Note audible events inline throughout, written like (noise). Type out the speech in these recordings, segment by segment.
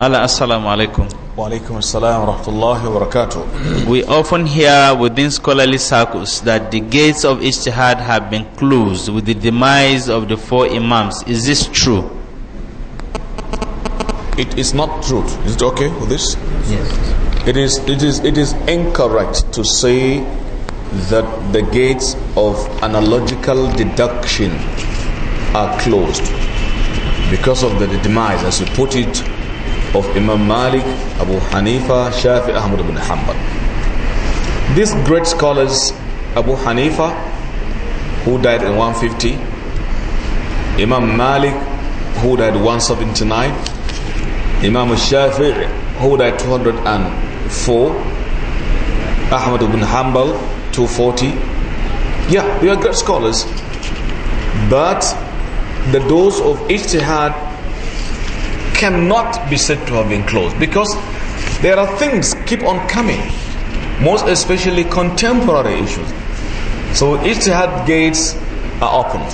Allah assalamu alaikum. Wa alaikum assalam rahmatullahi wa barakatuh. We often hear within scholarly circles that the gates of ijtihad have been closed with the demise of the four imams. Is this true? It is not true. Is it okay with this? Yes. It is it is it is incorrect to say that the gates of analogical deduction are closed because of the demise as you put it of Imam Malik, Abu Hanifa, Shafi, Ahmad ibn Hanbal. These great scholars, Abu Hanifa, who died in 150, Imam Malik, who died 179, Imam Shafi, who died 204, Ahmad ibn Hanbal, 240. Yeah, they are great scholars. But the doors of ijtihad cannot be said to have been closed because there are things keep on coming, most especially contemporary issues. So Ijtihad gates are opened.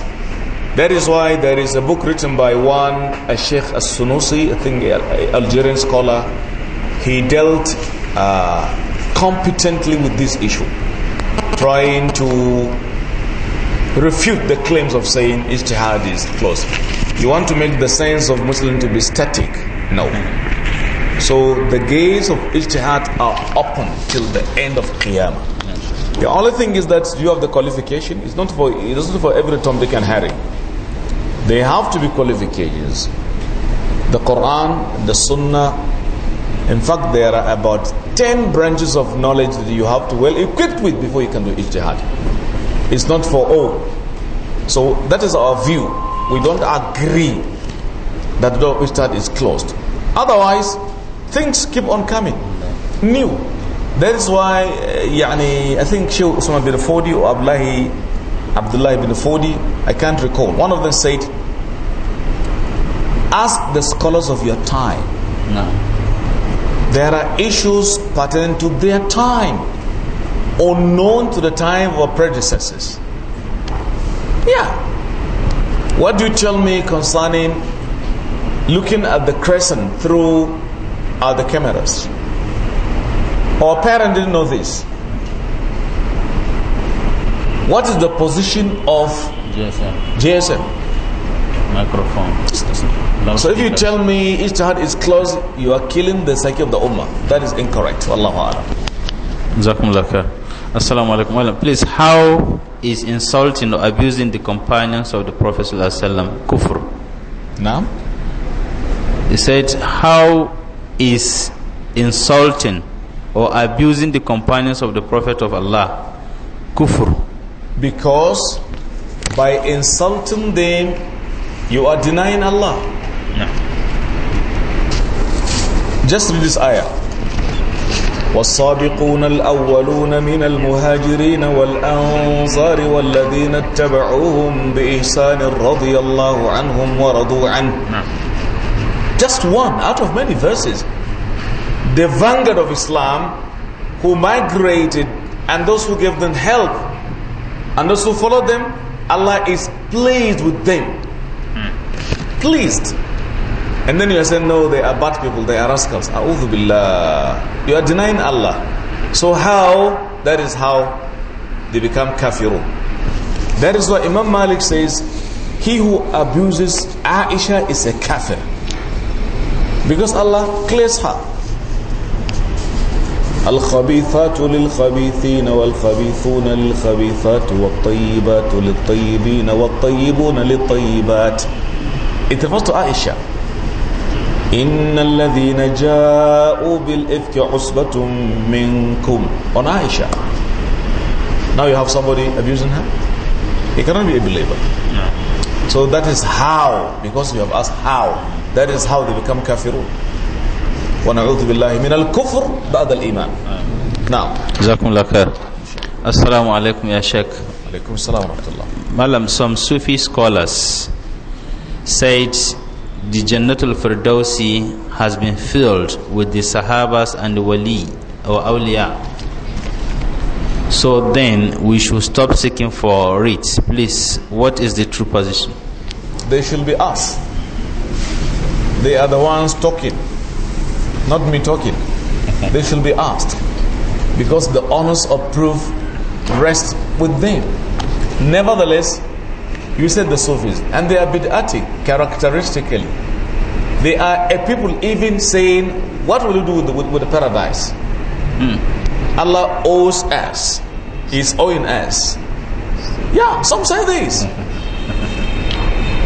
That is why there is a book written by one, a Sheikh As-Sunusi, I think Algerian scholar. He dealt uh, competently with this issue, trying to refute the claims of saying ijtihad is closed. You want to make the science of Muslim to be static? No. So the gates of ijtihad are open till the end of Qiyamah. The only thing is that you have the qualification. It's not for it isn't for every Tom, Dick and Harry. They have to be qualifications. The Quran, the Sunnah. In fact, there are about 10 branches of knowledge that you have to well equipped with before you can do ijtihad. It's not for all. So that is our view. We don't agree that the door of Ustad is closed. Otherwise, things keep on coming. New. That is why, uh, eh, يعني, I think Sheikh Usman bin Fodi or Abdullahi, Abdullah bin Fodi, I can't recall. One of them said, ask the scholars of your time. No. There are issues pertaining to their time unknown to the time of our predecessors. Yeah. What do you tell me concerning looking at the crescent through other cameras? Our parents didn't know this. What is the position of GSM? GSM. Microphone. So if you tell me Ijtihad is closed, you are killing the psyche of the Ummah. That is incorrect. Wallahu a'lam. Jazakumullah Assalamu alaikum. Please, how is insulting or abusing the companions of the Prophet kufr? Now? He said, how is insulting or abusing the companions of the Prophet of Allah kufr? Because by insulting them, you are denying Allah. No. Just read this ayah. والصادقون الأولون من المهاجرين والأنصار والذين اتبعوهم بإحسان رضي الله عنهم ورضوا عنه just one out of many verses the vanguard of Islam who migrated and those who gave them help and those who followed them Allah is pleased with them pleased And then you are saying, no, they are bad people, they are rascals. A'udhu billah. You are denying Allah. So how, that is how they become kafirun. That is why Imam Malik says, he who abuses Aisha is a kafir. Because Allah clears her. الخبيثات للخبيثين والخبيثون للخبيثات والطيبات للطيبين والطيبون للطيبات. It refers to Aisha. إن الذين جاءوا بالإفك عصبة منكم on Aisha now you have somebody abusing her he cannot be a believer so that is how because we have asked how that is how they become kafirun ونعوذ بالله من الكفر بعد الإيمان نعم جزاكم الله خير السلام عليكم يا شيخ عليكم السلام ورحمة الله Malam, some Sufi scholars said the Jannatul Firdausi has been filled with the Sahabas and the Wali or Awliya. So then we should stop seeking for it. Please, what is the true position? They should be us. They are the ones talking, not me talking. they should be asked because the honors of proof rest with them. Nevertheless, you said the Sufis. And they are bid'atic, characteristically. They are a people even saying, what will you do with the, with, with the paradise? Mm. Allah owes us. He's owing us. Yeah, some say this. (laughs)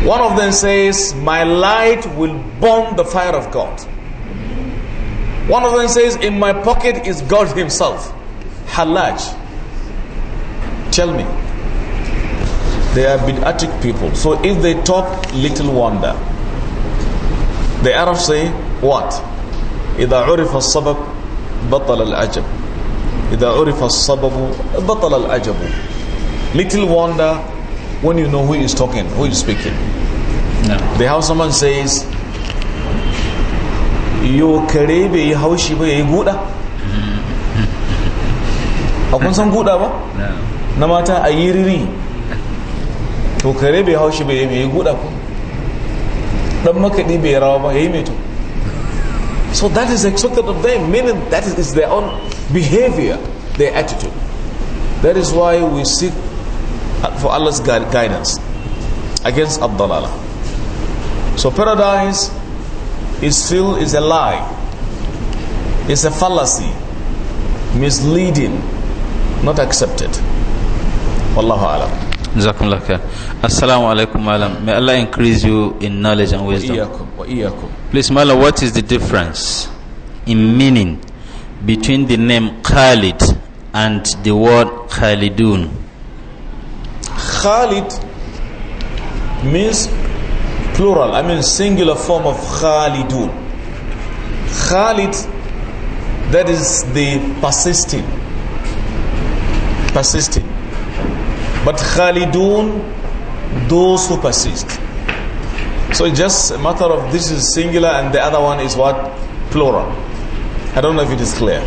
One of them says, my light will burn the fire of God. One of them says, in my pocket is God himself. Halaj. Tell me, they are bid'atic people. So if they talk, little wonder. The Arabs say, what? إذا عرف السبب بطل العجب إذا عرف السبب بطل العجب Little wonder when you know who is talking, who is speaking. No. The someone says, "You Karebe bai yi haushi ba ya yi guda? (laughs) Akwai san guda ba? Na mata a to kare bai haushi bai yi guda ku dan makaɗi bai rawa ba ya mai to so that is expected of them meaning that is, is their own behavior their attitude that is why we seek uh, for Allah's guidance against Abdullah. so paradise is still is a lie it's a fallacy misleading not accepted wallahu alam Jazakumullah Assalamu alaikum, Malam. May Allah increase you in knowledge and wisdom. Please, Malam, what is the difference in meaning between the name Khalid and the word Khalidun? Khalid means plural, I mean singular form of Khalidun. Khalid, that is the persisting. Persisting. But Khalidun, those who persist. So it's just a matter of this is singular and the other one is what? Plural. I don't know if it is clear.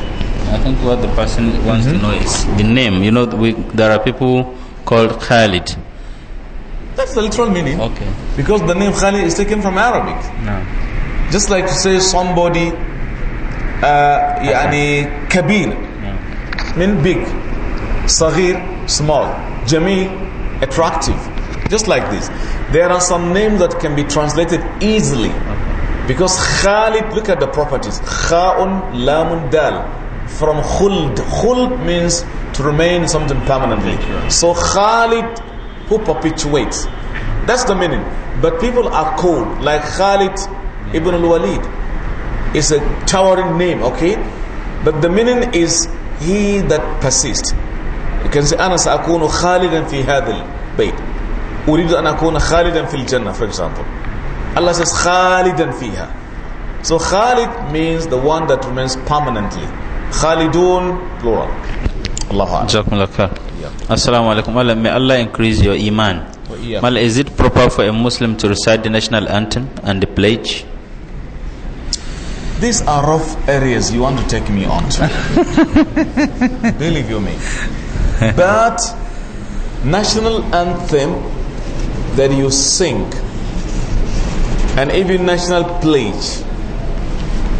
I think what the person wants mm -hmm. to mm-hmm. know is the name. You know, we, there are people called Khalid. That's the literal meaning. Okay. Because the name Khalid is taken from Arabic. No. Just like to say somebody, uh, yani kabir, mean big, Sahir, small. Jamil, attractive. Just like this. There are some names that can be translated easily. Because Khalid, look at the properties. Kha'un, lamun, dal. From khuld. Khuld means to remain something permanently. So Khalid, who perpetuates. That's the meaning. But people are cold. Like Khalid ibn al-Walid. It's a towering name, okay? But the meaning is he that persists. You can say, أنا سأكون خالدا في هذا البيت. أريد أن أكون خالدا في الجنة, for example. Allah says, خالدا فيها. So Khalid means the one that remains permanently. Khalidun, plural. Allah yeah. Assalamu alaikum. Allah, may Allah increase your iman. is it proper for a Muslim to recite the national anthem and the pledge? These are rough areas you want to take me on to. (laughs) Believe you me. (laughs) but national anthem that you sing and even national pledge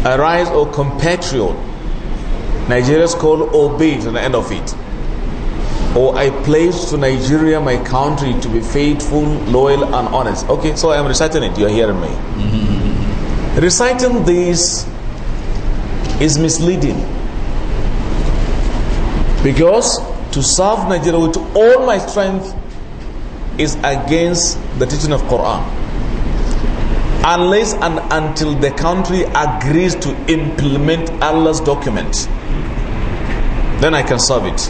arise or compatriot Nigerians call obey to the end of it or I pledge to Nigeria my country to be faithful loyal and honest okay so I am reciting it you are hearing me mm-hmm. reciting this is misleading because to serve Nigeria with all my strength is against the teaching of Quran. Unless and until the country agrees to implement Allah's document, then I can serve it.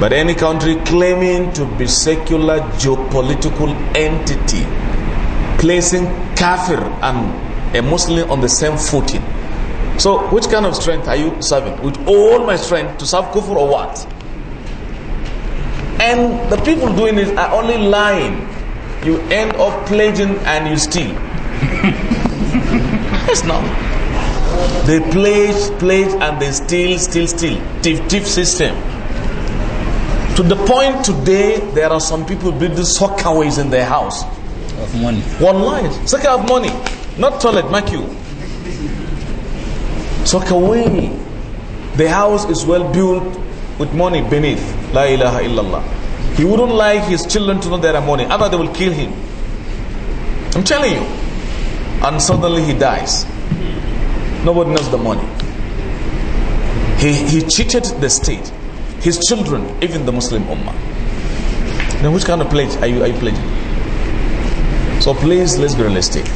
But any country claiming to be secular geopolitical entity, placing kafir and a Muslim on the same footing. So which kind of strength are you serving? With all my strength to serve kufr or what? And the people doing this are only lying. You end up pledging and you steal. it's (laughs) not. They pledge, pledge, and they steal, steal, steal. Thief, thief system. To the point today, there are some people building ways in their house. Of money. One line. Soccer of money. Not toilet, mark you. way. The house is well built, with money beneath. La ilaha illallah. He wouldn't like his children to know there are money. Otherwise they will kill him. I'm telling you. And suddenly he dies. Nobody knows the money. He, he cheated the state. His children, even the Muslim Ummah. Now which kind of pledge are you, are you pledging? So please, let's be realistic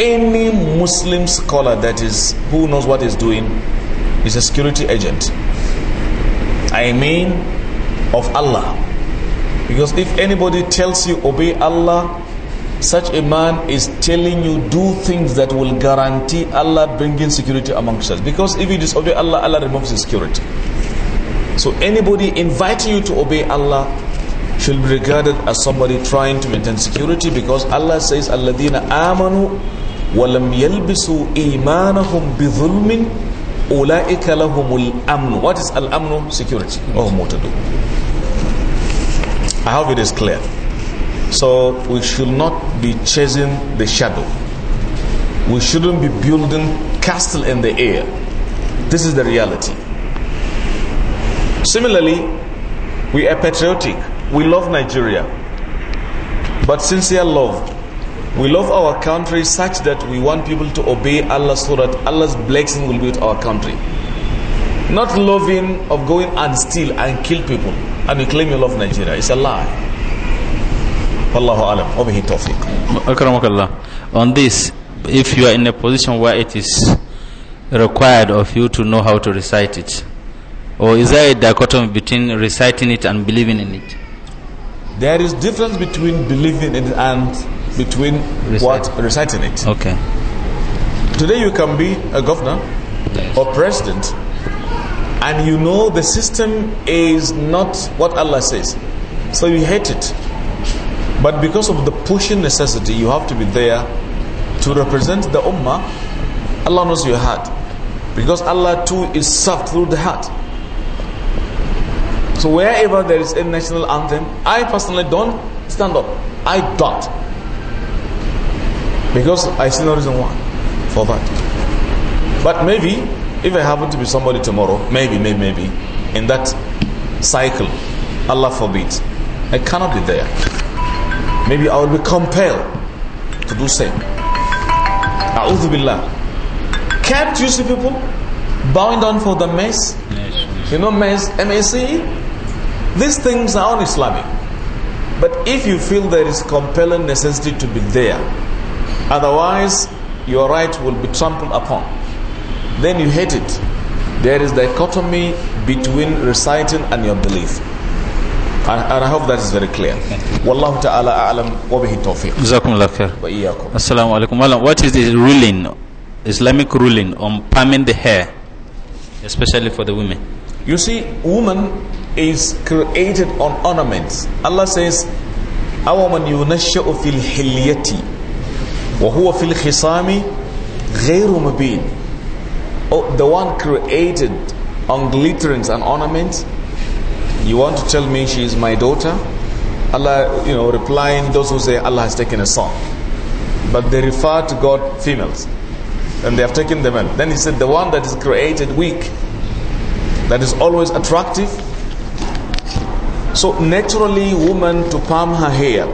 any Muslim scholar that is who knows what he's doing is a security agent. I mean of Allah. Because if anybody tells you obey Allah, such a man is telling you do things that will guarantee Allah bringing security amongst us. Because if you disobey Allah, Allah removes his security. So anybody inviting you to obey Allah should be regarded as somebody trying to maintain security because Allah says, Alladina amanu walam yalbisu imanahum bidhulmin ulaika lahumul amn what is al amn security oh mutadu i hope it is clear so we should not be chasing the shadow we shouldn't be building castle in the air this is the reality similarly we are patriotic we love nigeria but sincere love we love our country such that we want people to obey Allah so that Allah's blessing will be with our country. Not loving of going and steal and kill people and you claim you love Nigeria. It's a lie. Wallahu alam. Wabihi tawfiq. On this, if you are in a position where it is required of you to know how to recite it, or is there a dichotomy between reciting it and believing in it? There is difference between believing in it and between Recite. what reciting it. Okay. Today you can be a governor yes. or president and you know the system is not what Allah says. So you hate it. But because of the pushing necessity, you have to be there to represent the ummah. Allah knows your heart. Because Allah too is served through the heart. So wherever there is a national anthem, I personally don't stand up. I don't. Because I see no reason why for that. But maybe, if I happen to be somebody tomorrow, maybe, maybe, maybe, in that cycle, Allah forbid, I cannot be there. Maybe I will be compelled to do same. A'udhu Billah. Can't you see people bowing down for the mess? You know mess, M-A-C? These things are un-Islamic. But if you feel there is compelling necessity to be there, Otherwise, your right will be trampled upon. Then you hate it. There is dichotomy between reciting and your belief. And, I hope that is very clear. Wallahu ta'ala a'lam wa bihi tawfiq. khair. Wa Assalamu alaikum. What is the ruling, Islamic ruling on palming the hair, especially for the women? You see, woman is created on ornaments. Allah says, أَوَمَنْ يُنَشَّأُ fil hilyati. وَهُوَ فِي الْخِصَامِ غَيْرُ مُبِينٍ Oh, the one created on glitterings and ornaments. You want to tell me she is my daughter? Allah, you know, replying those who say Allah has taken a son. But they refer to God females. And they have taken the men. Then he said, the one that is created weak, that is always attractive. So naturally, woman to palm her hair,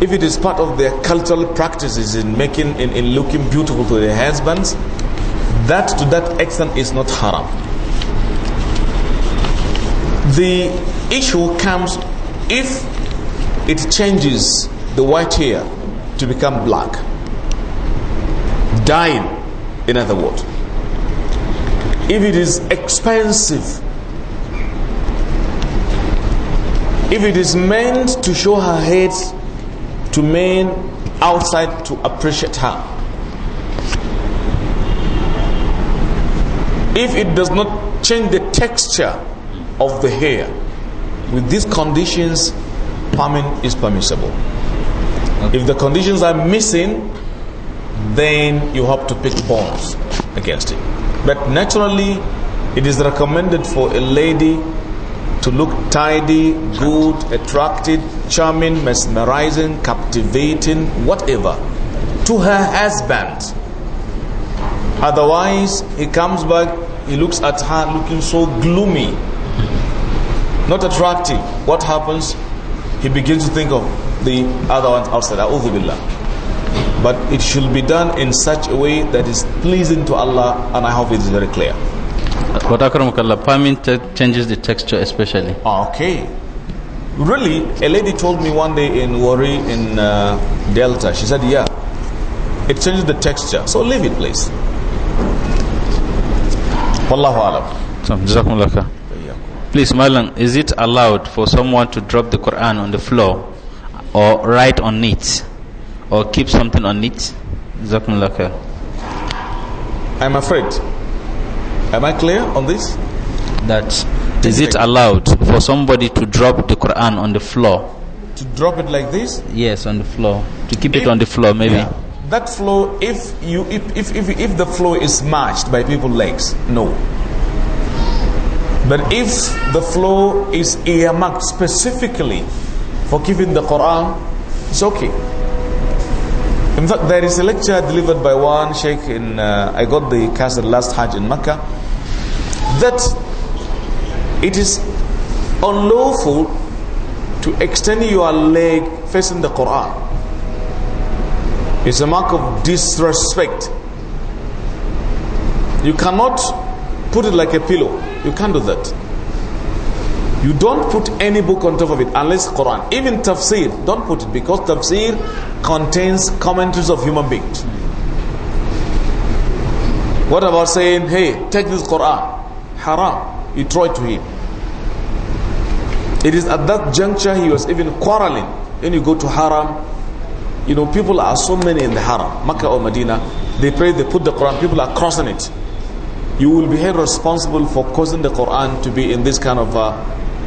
if it is part of their cultural practices in making in, in looking beautiful to their husbands that to that extent is not haram the issue comes if it changes the white hair to become black dying, in other words if it is expensive if it is meant to show her head to men outside to appreciate her. If it does not change the texture of the hair, with these conditions, perming is permissible. If the conditions are missing, then you have to pick bones against it. But naturally, it is recommended for a lady to look tidy, good, attractive, charming, mesmerizing, captivating, whatever, to her husband. Otherwise, he comes back, he looks at her looking so gloomy, not attractive. What happens? He begins to think of the other ones outside. But it should be done in such a way that is pleasing to Allah, and I hope it is very clear. What Akramakallah, palming changes the texture especially. Okay. Really, a lady told me one day in Wari in uh, Delta, she said, yeah, it changes the texture. So leave it, please. Wallahu alam. Please, Malang, is it allowed for someone to drop the Quran on the floor or write on it or keep something on it? Jazakumullah I'm afraid Am I clear on this? That is it allowed for somebody to drop the Quran on the floor? To drop it like this? Yes, on the floor. To keep if, it on the floor, maybe. Yeah. That floor, if you if, if if if the floor is matched by people's legs, no. But if the floor is earmarked specifically for keeping the Quran, it's okay. In fact, there is a lecture delivered by one sheikh in, uh, I got the cassette last Hajj in Makkah that it is unlawful to extend your leg facing the Quran. It's a mark of disrespect. You cannot put it like a pillow. You can't do that. You don't put any book on top of it unless Quran. Even tafsir, don't put it because tafsir contains commentaries of human beings. What about saying, hey, take this Quran haram. You tried to him. It is at that juncture he was even quarreling. Then you go to haram. You know, people are so many in the haram, Makkah or Medina. They pray, they put the Quran, people are crossing it. You will be held responsible for causing the Quran to be in this kind of uh,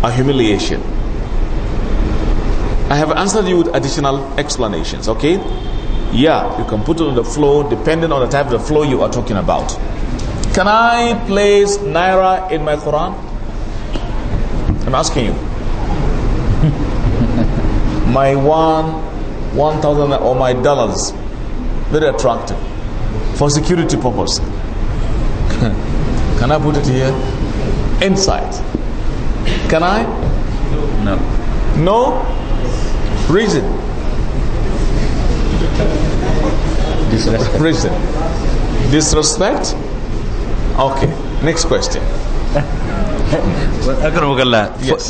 a humiliation. I have answered you with additional explanations, okay? Yeah, you can put it on the floor depending on the type of the floor you are talking about. Can I place Naira in my Quran? I'm asking you. (laughs) my one, one thousand or my dollars, very attractive for security purpose. (laughs) Can I put it here? Inside. Can I? No. No? Reason. Disrespect. Reason. Disrespect Okay, next question.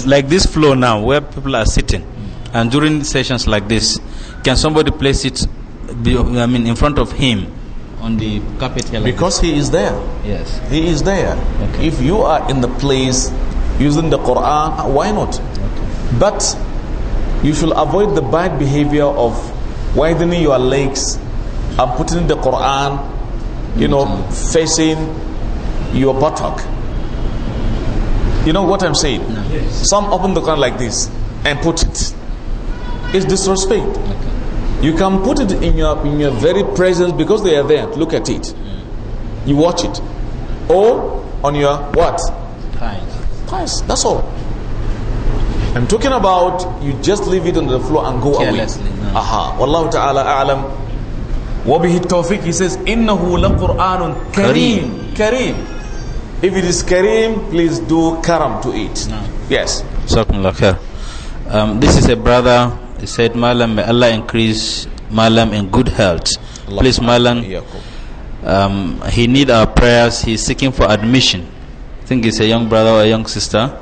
Like this floor now, where people are sitting, and during sessions like this, can somebody place it? I mean, in front of him on the carpet here. Like because this. he is there. Yes, he is there. Okay. If you are in the place using the Quran, uh, why not? Okay. But you should avoid the bad behavior of widening your legs and putting the Quran, you know, mm-hmm. facing your buttock. You know what I'm saying? Yes. Some open the Quran like this and put it. It's disrespect. Okay. You can put it in your in your very presence because they are there. Look at it. Mm. You watch it. Or on your what? Pies. Pies. That's all. I'm talking about you just leave it on the floor and go Carelessly, away. No. Aha. Wallahu ta'ala a'lam. Wabihi التوفيق he says إنه لقرآن Kareem Kareem. If it is kareem, please do karam to it. No. Yes. Um, this is a brother. He said, Malam, may Allah increase Malam in good health. Allah please, Malam, um, he need our prayers. He's seeking for admission. I think it's a young brother or a young sister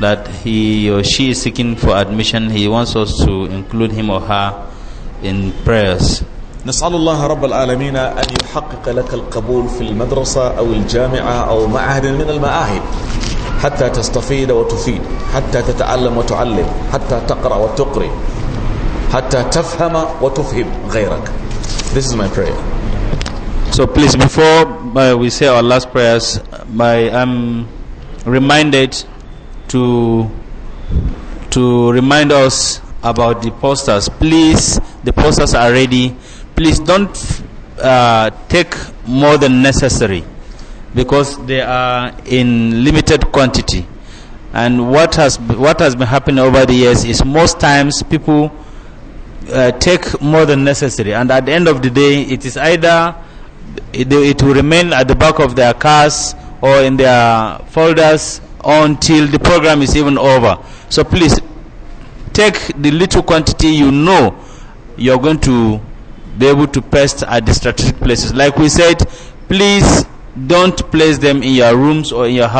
that he or she is seeking for admission. He wants us to include him or her in prayers. نسأل الله رب العالمين أن يحقق لك القبول في المدرسة أو الجامعة أو معهد من المآهِد حتى تستفيد وتفيد حتى تتعلم وتعلم حتى تقرأ وتقرئ حتى تفهم وتفهم غيرك This is my prayer. So please, before we say our last prayers, I'm reminded to to remind us about the posters. Please, the posters are ready please don't uh, take more than necessary because they are in limited quantity. And what has, what has been happening over the years is most times people uh, take more than necessary. And at the end of the day, it is either it, it will remain at the back of their cars or in their folders until the program is even over. So please take the little quantity you know you're going to be able to pest at the strategic places. Like we said, please don't place them in your rooms or in your house.